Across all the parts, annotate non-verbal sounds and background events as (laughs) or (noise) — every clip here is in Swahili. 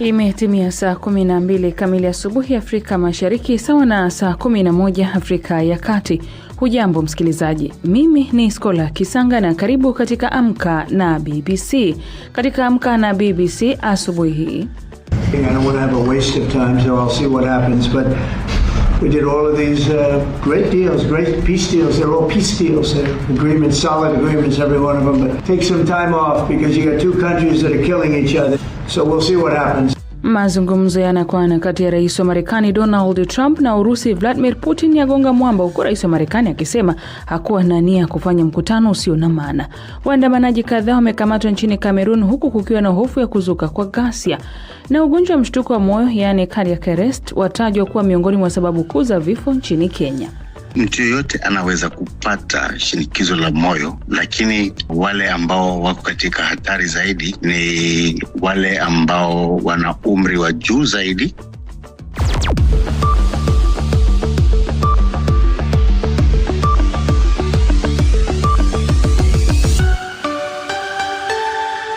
Imetimia saa 12 kamili asubuhi Afrika Mashariki, sawa na saa 11 Afrika ya Kati. Hujambo msikilizaji, mimi ni Skola Kisanga na karibu katika Amka na BBC. Katika Amka na BBC asubuhi hii We did all of these uh, great deals, great peace deals. They're all peace deals, They're agreements, solid agreements, every one of them. But take some time off because you got two countries that are killing each other. So we'll see what happens. Mazungumzo yanakwana kati ya rais wa Marekani Donald Trump na Urusi Vladimir Putin yagonga mwamba, huku rais wa Marekani akisema hakuwa na nia ya kufanya mkutano usio na maana. Waandamanaji kadhaa wamekamatwa nchini Kamerun, huku kukiwa na hofu ya kuzuka kwa ghasia. Na ugonjwa wa mshtuko wa moyo, yaani cardiac arrest, watajwa kuwa miongoni mwa sababu kuu za vifo nchini Kenya. Mtu yoyote anaweza kupata shinikizo la moyo, lakini wale ambao wako katika hatari zaidi ni wale ambao wana umri wa juu zaidi.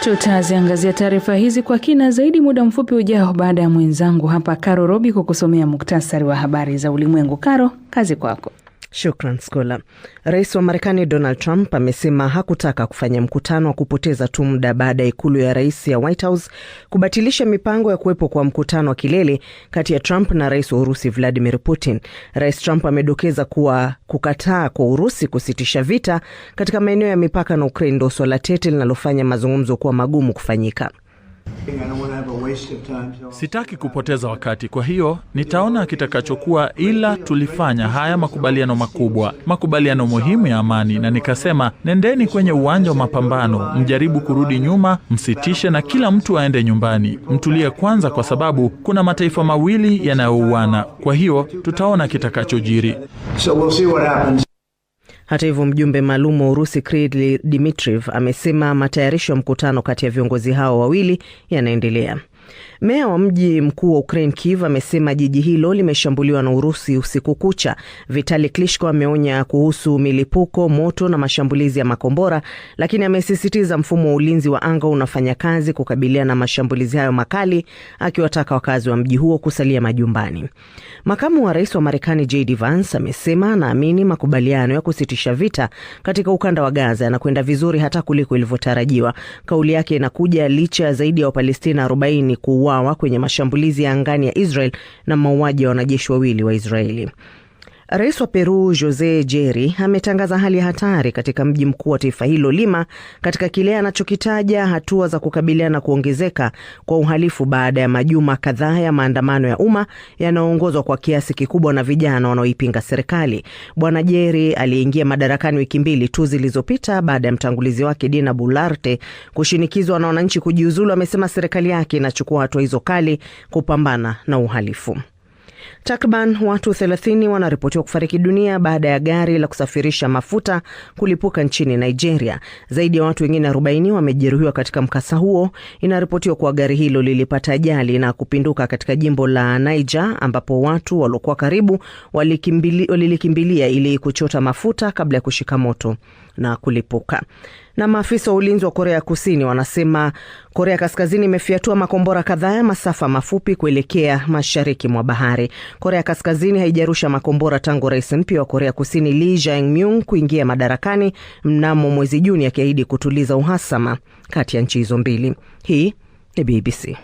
Tutaziangazia taarifa hizi kwa kina zaidi muda mfupi ujao, baada ya mwenzangu hapa Karo Robi kukusomea muktasari wa habari za ulimwengu. Karo, kazi kwako. Shukran Skola. Rais wa Marekani Donald Trump amesema hakutaka kufanya mkutano wa kupoteza tu muda baada ya ikulu ya rais ya White House kubatilisha mipango ya kuwepo kwa mkutano wa kilele kati ya Trump na rais wa Urusi Vladimir Putin. Rais Trump amedokeza kuwa kukataa kwa Urusi kusitisha vita katika maeneo ya mipaka na Ukraine ndo swala tete linalofanya mazungumzo kuwa magumu kufanyika. Sitaki kupoteza wakati, kwa hiyo nitaona kitakachokuwa, ila tulifanya haya makubaliano makubwa, makubaliano muhimu ya amani, na nikasema nendeni kwenye uwanja wa mapambano, mjaribu kurudi nyuma, msitishe, na kila mtu aende nyumbani, mtulie kwanza, kwa sababu kuna mataifa mawili yanayouana. Kwa hiyo tutaona kitakachojiri. So we'll see what happens. Hata hivyo, mjumbe maalum wa Urusi Kirill Dmitriev amesema matayarisho ya mkutano kati ya viongozi hao wawili yanaendelea. Meya wa mji mkuu wa Ukraine Kiev amesema jiji hilo limeshambuliwa na Urusi usiku kucha. Vitali Klitschko ameonya kuhusu milipuko, moto na mashambulizi ya makombora, lakini amesisitiza mfumo wa ulinzi wa anga unafanya kazi kukabiliana na mashambulizi hayo makali, akiwataka wakazi wa mji huo kusalia majumbani. Makamu wa rais wa Marekani JD Vance amesema anaamini makubaliano ya kusitisha vita katika ukanda wa Gaza yanakwenda vizuri hata kuliko ilivyotarajiwa. Kauli yake inakuja licha ya zaidi ya Wapalestina 40 kuuawa waliouawa kwenye mashambulizi ya angani ya Israel na mauaji ya wanajeshi wawili wa Israeli. Rais wa Peru Jose Jeri ametangaza hali ya hatari katika mji mkuu wa taifa hilo Lima, katika kile anachokitaja hatua za kukabiliana na kuongezeka kwa uhalifu baada ya majuma kadhaa ya maandamano ya umma yanayoongozwa kwa kiasi kikubwa na vijana wanaoipinga serikali. Bwana Jeri aliyeingia madarakani wiki mbili tu zilizopita baada ya mtangulizi wake Dina Bularte kushinikizwa na wananchi kujiuzulu, amesema serikali yake inachukua hatua hizo kali kupambana na uhalifu. Takriban watu 30 wanaripotiwa kufariki dunia baada ya gari la kusafirisha mafuta kulipuka nchini Nigeria. Zaidi ya watu wengine 40 wamejeruhiwa katika mkasa huo. Inaripotiwa kuwa gari hilo lilipata ajali na kupinduka katika jimbo la Niger, ambapo watu waliokuwa karibu walilikimbilia ili kuchota mafuta kabla ya kushika moto na kulipuka. Na maafisa wa ulinzi wa Korea Kusini wanasema Korea Kaskazini imefiatua makombora kadhaa ya masafa mafupi kuelekea mashariki mwa bahari. Korea Kaskazini haijarusha makombora tangu rais mpya wa Korea Kusini li Jae-myung kuingia madarakani mnamo mwezi Juni, akiahidi kutuliza uhasama kati ya nchi hizo mbili. Hii ni BBC.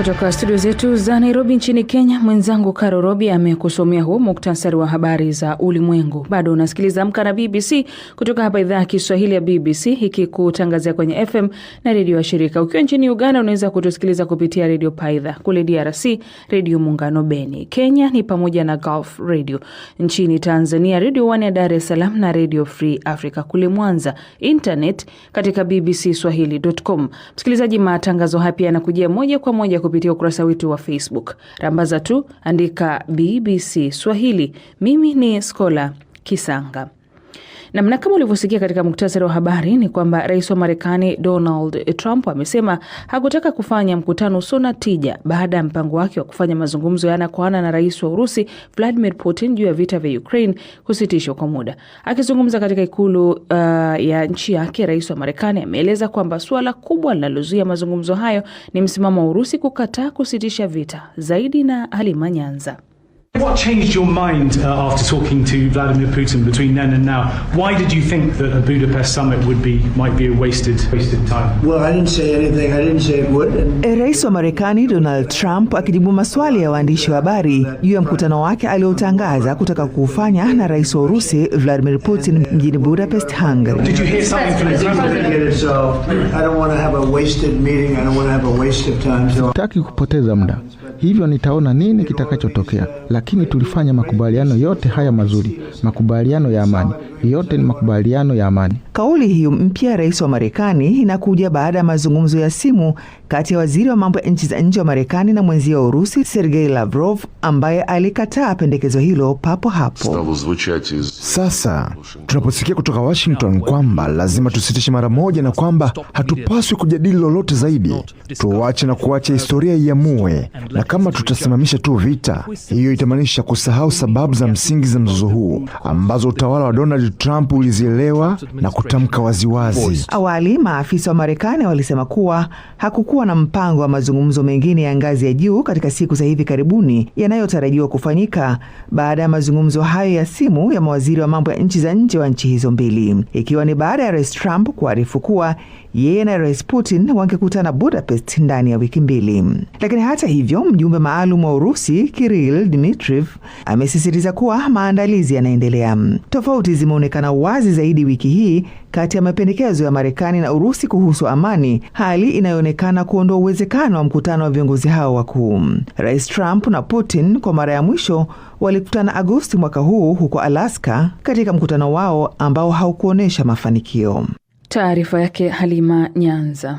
Kutoka studio zetu za Nairobi nchini Kenya, mwenzangu Karo Robi amekusomea huo muktasari wa habari za ulimwengu. Bado unasikiliza Amka na BBC kutoka hapa idhaa ya Kiswahili ya BBC, ikikutangazia kwenye FM na redio ya shirika. Ukiwa nchini Uganda unaweza kutusikiliza kupitia redio Paidha, kule DRC redio Muungano Beni, Kenya ni pamoja na Gulf Radio, nchini Tanzania redio One ya Dar es Salaam na redio Free Africa kule Mwanza, internet katika swahili.com. Msikilizaji, matangazo haya yanakujia moja kwa moja kupitia ukurasa wetu wa Facebook. Rambaza tu andika BBC Swahili. Mimi ni Skola Kisanga. Namna kama ulivyosikia katika muktasari wa habari ni kwamba rais wa Marekani Donald Trump amesema hakutaka kufanya mkutano usio na tija baada ya mpango wake wa kufanya mazungumzo ya ana kwa ana na rais wa Urusi Vladimir Putin juu ya vita vya Ukraine kusitishwa kwa muda. Akizungumza katika ikulu uh, ya nchi yake, rais wa Marekani ameeleza kwamba suala kubwa linalozuia mazungumzo hayo ni msimamo wa Urusi kukataa kusitisha vita zaidi. Na Halima Nyanza. What changed your mind uh, after talking to Vladimir Putin between then and now? Why did you think that a Budapest summit would be might be a wasted wasted time? Well, I didn't say anything. I didn't say it would. And... Eh, rais wa Marekani Donald Trump akijibu maswali ya waandishi wa habari juu ya mkutano wake aliotangaza kutaka kuufanya na rais wa Urusi Vladimir Putin mjini Budapest, Hungary. Did you hear something from the president? So, I I don't don't want want to to have have a a wasted meeting. waste of time. Taki kupoteza muda hivyo nitaona nini kitakachotokea, lakini tulifanya makubaliano yote haya mazuri, makubaliano ya amani, yote ni makubaliano ya amani. Kauli hiyo mpya rais wa Marekani inakuja baada ya mazungumzo ya simu kati ya waziri wa mambo ya nchi za nje wa Marekani na mwenzia wa Urusi Sergei Lavrov, ambaye alikataa pendekezo hilo papo hapo. Sasa tunaposikia kutoka Washington kwamba lazima tusitishe mara moja na kwamba hatupaswi kujadili lolote zaidi, tuache na kuacha historia iamue, na kama tutasimamisha tu vita, hiyo itamaanisha kusahau sababu za msingi za mzozo huu ambazo utawala wa Donald Donald Trump ulizielewa na kutamka waziwazi. Awali maafisa wa Marekani walisema kuwa hakukuwa na mpango wa mazungumzo mengine ya ngazi ya juu katika siku za hivi karibuni yanayotarajiwa kufanyika baada ya mazungumzo hayo ya simu ya mawaziri wa mambo ya nchi za nje wa nchi hizo mbili, ikiwa ni baada ya Rais Trump kuarifu kuwa yeye na Rais Putin wangekutana Budapest ndani ya wiki mbili. Lakini hata hivyo, mjumbe maalum wa Urusi kiril dmitriv amesisitiza kuwa maandalizi yanaendelea. Tofauti zime yanaonekana wazi zaidi wiki hii kati ya mapendekezo ya Marekani na Urusi kuhusu amani, hali inayoonekana kuondoa uwezekano wa mkutano wa viongozi hao wakuu. Rais Trump na Putin kwa mara ya mwisho walikutana Agosti mwaka huu huko Alaska katika mkutano wao ambao haukuonyesha mafanikio. Taarifa yake Halima Nyanza.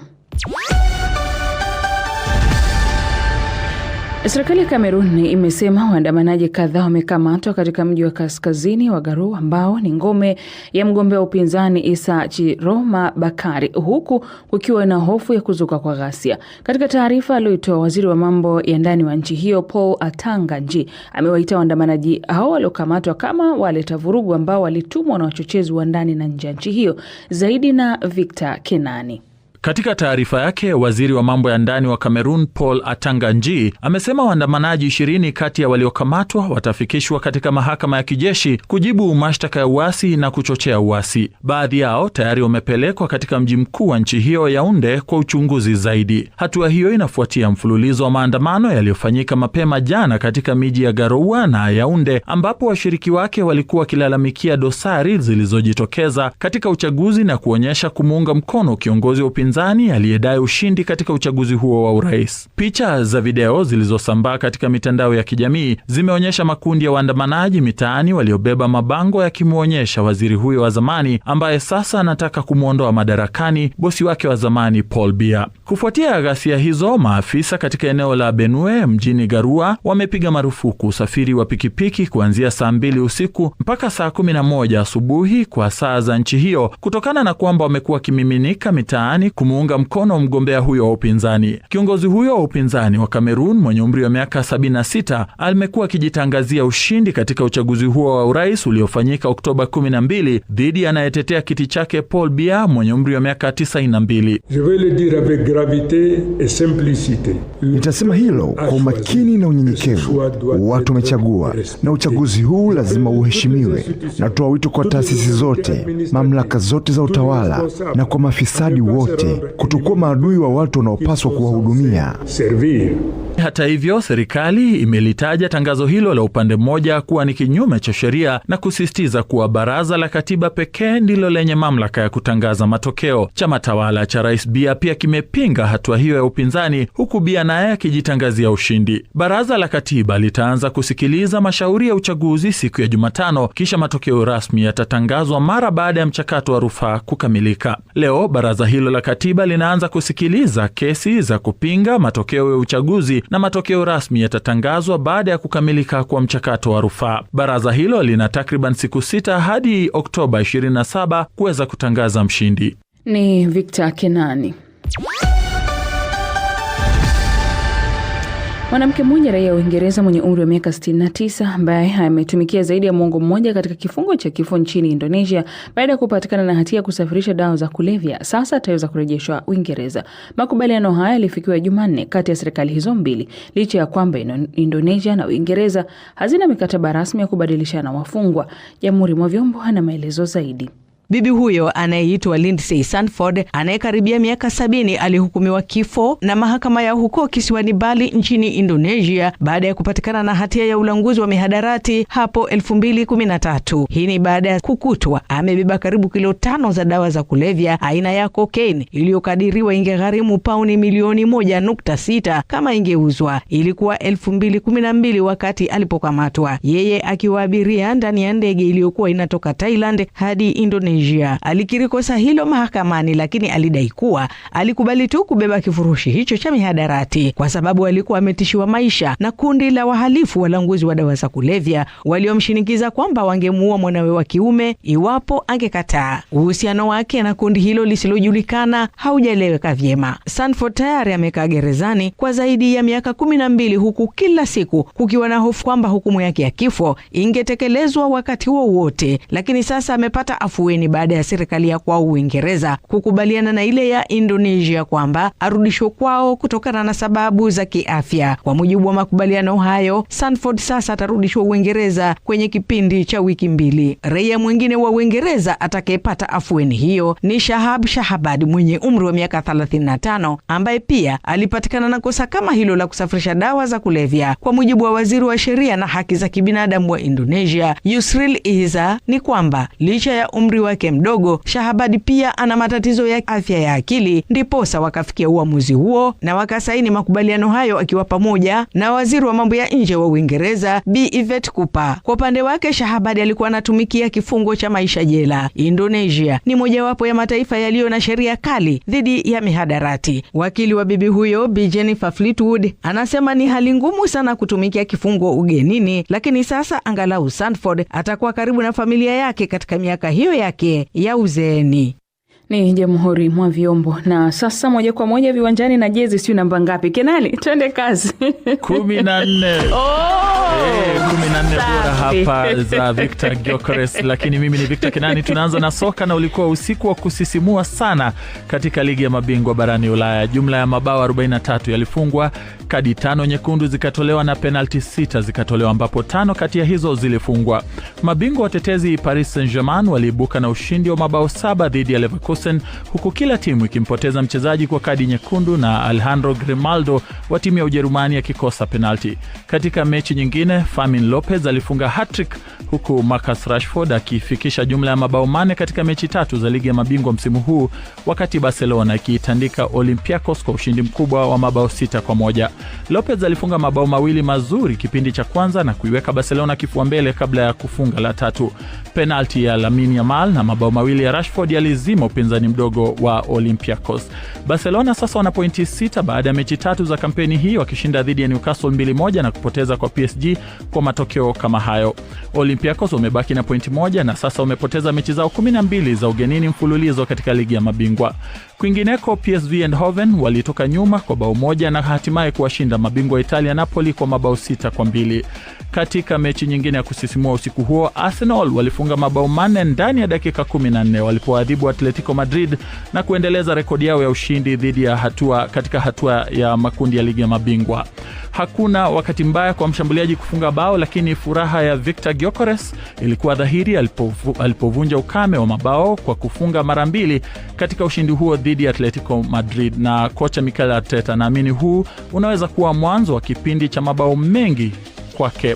Serikali ya Kamerun imesema waandamanaji kadhaa wamekamatwa katika mji wa kaskazini wa Garou ambao ni ngome ya mgombea wa upinzani Isa Chiroma Bakari, huku kukiwa na hofu ya kuzuka kwa ghasia. Katika taarifa aliyoitoa waziri wa mambo ya ndani wa nchi hiyo Paul Atanga Nji amewaita waandamanaji hao waliokamatwa kama waleta vurugu ambao walitumwa na wachochezi wa ndani na nje ya nchi hiyo. Zaidi na Victor Kenani. Katika taarifa yake, waziri wa mambo ya ndani wa Kamerun Paul Atanga Nji amesema waandamanaji ishirini kati ya waliokamatwa watafikishwa katika mahakama ya kijeshi kujibu mashtaka ya uasi na kuchochea uasi. Baadhi yao tayari wamepelekwa katika mji mkuu wa nchi hiyo Yaunde kwa uchunguzi zaidi. Hatua hiyo inafuatia mfululizo wa maandamano yaliyofanyika mapema jana katika miji ya Garoua na Yaunde ambapo washiriki wake walikuwa wakilalamikia dosari zilizojitokeza katika uchaguzi na kuonyesha kumuunga mkono kiongozi wa upinzani upinzani aliyedai ushindi katika uchaguzi huo wa urais. Picha za video zilizosambaa katika mitandao ya kijamii zimeonyesha makundi ya waandamanaji mitaani waliobeba mabango yakimwonyesha waziri huyo wa zamani ambaye sasa anataka kumwondoa madarakani bosi wake wa zamani Paul Biya. Kufuatia ghasia hizo, maafisa katika eneo la Benue mjini Garua wamepiga marufuku usafiri wa pikipiki kuanzia saa mbili usiku mpaka saa kumi na moja asubuhi kwa saa za nchi hiyo kutokana na kwamba wamekuwa wakimiminika mitaani kumuunga mkono mgombea huyo wa upinzani. Kiongozi huyo wa upinzani wa Kamerun mwenye umri wa miaka 76 amekuwa akijitangazia ushindi katika uchaguzi huo wa urais uliofanyika Oktoba 12 dhidi anayetetea kiti chake Paul Biya mwenye umri wa miaka 92. Nitasema hilo kwa umakini na unyenyekevu. Watu wamechagua na uchaguzi huu lazima uheshimiwe. Natoa wito kwa taasisi zote, mamlaka zote za utawala na kwa mafisadi wote kutokuwa maadui wa watu wanaopaswa kuwahudumia. Hata hivyo, serikali imelitaja tangazo hilo la upande mmoja kuwa ni kinyume cha sheria na kusisitiza kuwa baraza la katiba pekee ndilo lenye mamlaka ya kutangaza matokeo. Chama tawala cha Rais Bia pia kimepinga hatua hiyo ya upinzani, huku Bia naye akijitangazia ushindi. Baraza la katiba litaanza kusikiliza mashauri ya uchaguzi siku ya Jumatano, kisha matokeo rasmi yatatangazwa mara baada ya mchakato wa rufaa kukamilika. Leo baraza hilo la katiba katiba linaanza kusikiliza kesi za kupinga matokeo ya uchaguzi na matokeo rasmi yatatangazwa baada ya kukamilika kwa mchakato wa rufaa. Baraza hilo lina takriban siku sita hadi Oktoba 27 kuweza kutangaza mshindi. Ni Victor Kenani. Mwanamke mmoja raia wa Uingereza mwenye umri wa miaka 69 ambaye ametumikia zaidi ya mwongo mmoja katika kifungo cha kifo nchini Indonesia baada ya kupatikana na hatia ya kusafirisha dawa za kulevya sasa ataweza kurejeshwa Uingereza. Makubaliano haya yalifikiwa Jumanne kati ya serikali hizo mbili licha ya kwamba Indonesia na Uingereza hazina mikataba rasmi ya kubadilishana wafungwa. Jamhuri mwa vyombo ana maelezo zaidi. Bibi huyo anayeitwa Lindsay Sanford anayekaribia miaka sabini alihukumiwa kifo na mahakama ya huko kisiwani Bali nchini Indonesia baada ya kupatikana na hatia ya ulanguzi wa mihadarati hapo 2013. Hii ni baada ya kukutwa amebeba karibu kilo tano za dawa za kulevya aina ya cocaine iliyokadiriwa ingegharimu pauni milioni moja nukta sita kama ingeuzwa. Ilikuwa 2012 wakati alipokamatwa, yeye akiwa abiria ndani ya ndege iliyokuwa inatoka Thailand hadi Indonesia. Tunisia. Alikiri kosa hilo mahakamani, lakini alidai kuwa alikubali tu kubeba kifurushi hicho cha mihadarati kwa sababu alikuwa ametishiwa maisha na kundi la wahalifu walanguzi wa dawa za kulevya waliomshinikiza kwamba wangemuua mwanawe wa kiume iwapo angekataa. Uhusiano wake na kundi hilo lisilojulikana haujaeleweka vyema. Sanford tayari amekaa gerezani kwa zaidi ya miaka kumi na mbili huku kila siku kukiwa na hofu kwamba hukumu yake ya kifo ingetekelezwa wakati wowote, lakini sasa amepata afueni baada ya serikali ya kwao Uingereza kukubaliana na ile ya Indonesia kwamba arudishwe kwao kutokana na sababu za kiafya. Kwa mujibu wa makubaliano hayo, Sanford sasa atarudishwa Uingereza kwenye kipindi cha wiki mbili. Raia mwingine wa Uingereza atakayepata afueni hiyo ni Shahab Shahabad mwenye umri wa miaka 35 ambaye pia alipatikana na kosa kama hilo la kusafirisha dawa za kulevya. Kwa mujibu wa waziri wa sheria na haki za kibinadamu wa Indonesia Yusril iza ni kwamba licha ya umri wa wake mdogo Shahabadi pia ana matatizo ya afya ya akili, ndiposa wakafikia uamuzi huo na wakasaini makubaliano hayo akiwa pamoja na waziri wa mambo ya nje wa Uingereza Bi Yvette Cooper. Kwa upande wake, Shahabadi alikuwa anatumikia kifungo cha maisha jela. Indonesia ni mojawapo ya mataifa yaliyo na sheria kali dhidi ya mihadarati. Wakili wa bibi huyo Bi Jennifer Fleetwood anasema ni hali ngumu sana kutumikia kifungo ugenini, lakini sasa angalau Sanford atakuwa karibu na familia yake katika miaka hiyo yake yake ya uzeeni ni jamhuri mwa vyombo na sasa, moja kwa moja viwanjani na jezi, siu namba ngapi? kenani twende kazi. (laughs) kumi na nne oh! eh, kumi na nne bora hapa za Victor gocres lakini mimi ni Victor Kenani. Tunaanza na soka na ulikuwa usiku wa kusisimua sana katika ligi ya mabingwa barani Ulaya. Jumla ya mabao 43 yalifungwa kadi tano nyekundu zikatolewa na penalti sita zikatolewa, ambapo tano kati ya hizo zilifungwa. Mabingwa watetezi Paris Saint-Germain waliibuka na ushindi wa mabao saba dhidi ya Leverkusen, huku kila timu ikimpoteza mchezaji kwa kadi nyekundu na Alejandro Grimaldo wa timu ya Ujerumani akikosa penalti. Katika mechi nyingine, Fermin Lopez alifunga hat-trick huku Marcus Rashford akifikisha jumla ya mabao mane katika mechi tatu za ligi ya mabingwa msimu huu, wakati Barcelona ikiitandika Olympiacos kwa ushindi mkubwa wa mabao sita kwa moja. Lopez alifunga mabao mawili mazuri kipindi cha kwanza na kuiweka Barcelona kifua mbele kabla ya kufunga la tatu. Penalti ya lamin Yamal na mabao mawili ya Rashford yalizima upinzani mdogo wa Olympiacos. Barcelona sasa wana pointi st baada ya mechi tatu za kampeni hii, wakishinda dhidi ya Newcastle 21 na kupoteza kwa PSG kwa matokeo kama hayo. Olympiacos wamebaki na pointi moja na sasa wamepoteza mechi zao 12 za ugenini mfululizo katika ligi ya mabingwa. Kwingineko, PSV Eindhoven walitoka nyuma kwa bao moja na hatimaye kuwashinda mabingwa Italia Napoli kwa mabao sita kwa mbili. Katika mechi nyingine ya kusisimua usiku huo, Arsenal walifunga mabao manne ndani ya dakika 14 walipoadhibu Atletico Madrid na kuendeleza rekodi yao ya ushindi dhidi ya hatua katika hatua ya makundi ya ligi ya mabingwa. Hakuna wakati mbaya kwa mshambuliaji kufunga bao, lakini furaha ya Victor Gyökeres ilikuwa dhahiri alipovunja ukame wa mabao kwa kufunga mara mbili katika ushindi huo dhidi ya Atletico Madrid, na kocha Mikel Arteta naamini huu unaweza kuwa mwanzo wa kipindi cha mabao mengi kwake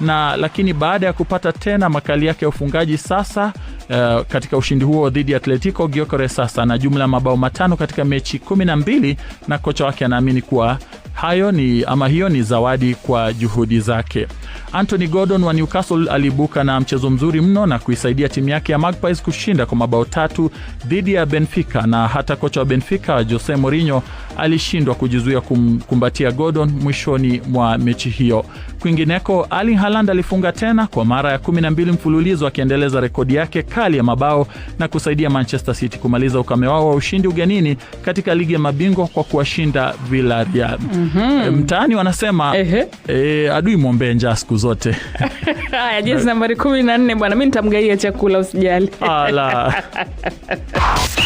na lakini baada ya kupata tena makali yake ya ufungaji sasa uh, katika ushindi huo dhidi ya Atletico giocore sasa na jumla ya mabao matano katika mechi 12 na kocha wake anaamini kuwa Hayo ni ama hiyo ni zawadi kwa juhudi zake. Anthony Gordon wa Newcastle aliibuka na mchezo mzuri mno na kuisaidia timu yake ya Magpies kushinda kwa mabao tatu dhidi ya Benfica, na hata kocha wa Benfica Jose Mourinho alishindwa kujizuia kumkumbatia Gordon mwishoni mwa mechi hiyo. Kwingineko, Erling Haaland alifunga tena kwa mara ya 12 mfululizo akiendeleza rekodi yake kali ya mabao na kusaidia Manchester City kumaliza ukame wao wa ushindi ugenini katika ligi ya mabingwa kwa kuwashinda Villarreal. mm -hmm. E, mtaani wanasema e, adui mwombee njaa siku zote. (laughs) Haya, jezi nambari 14 bwana, mimi nitamgaia chakula usijali. Ala. (laughs)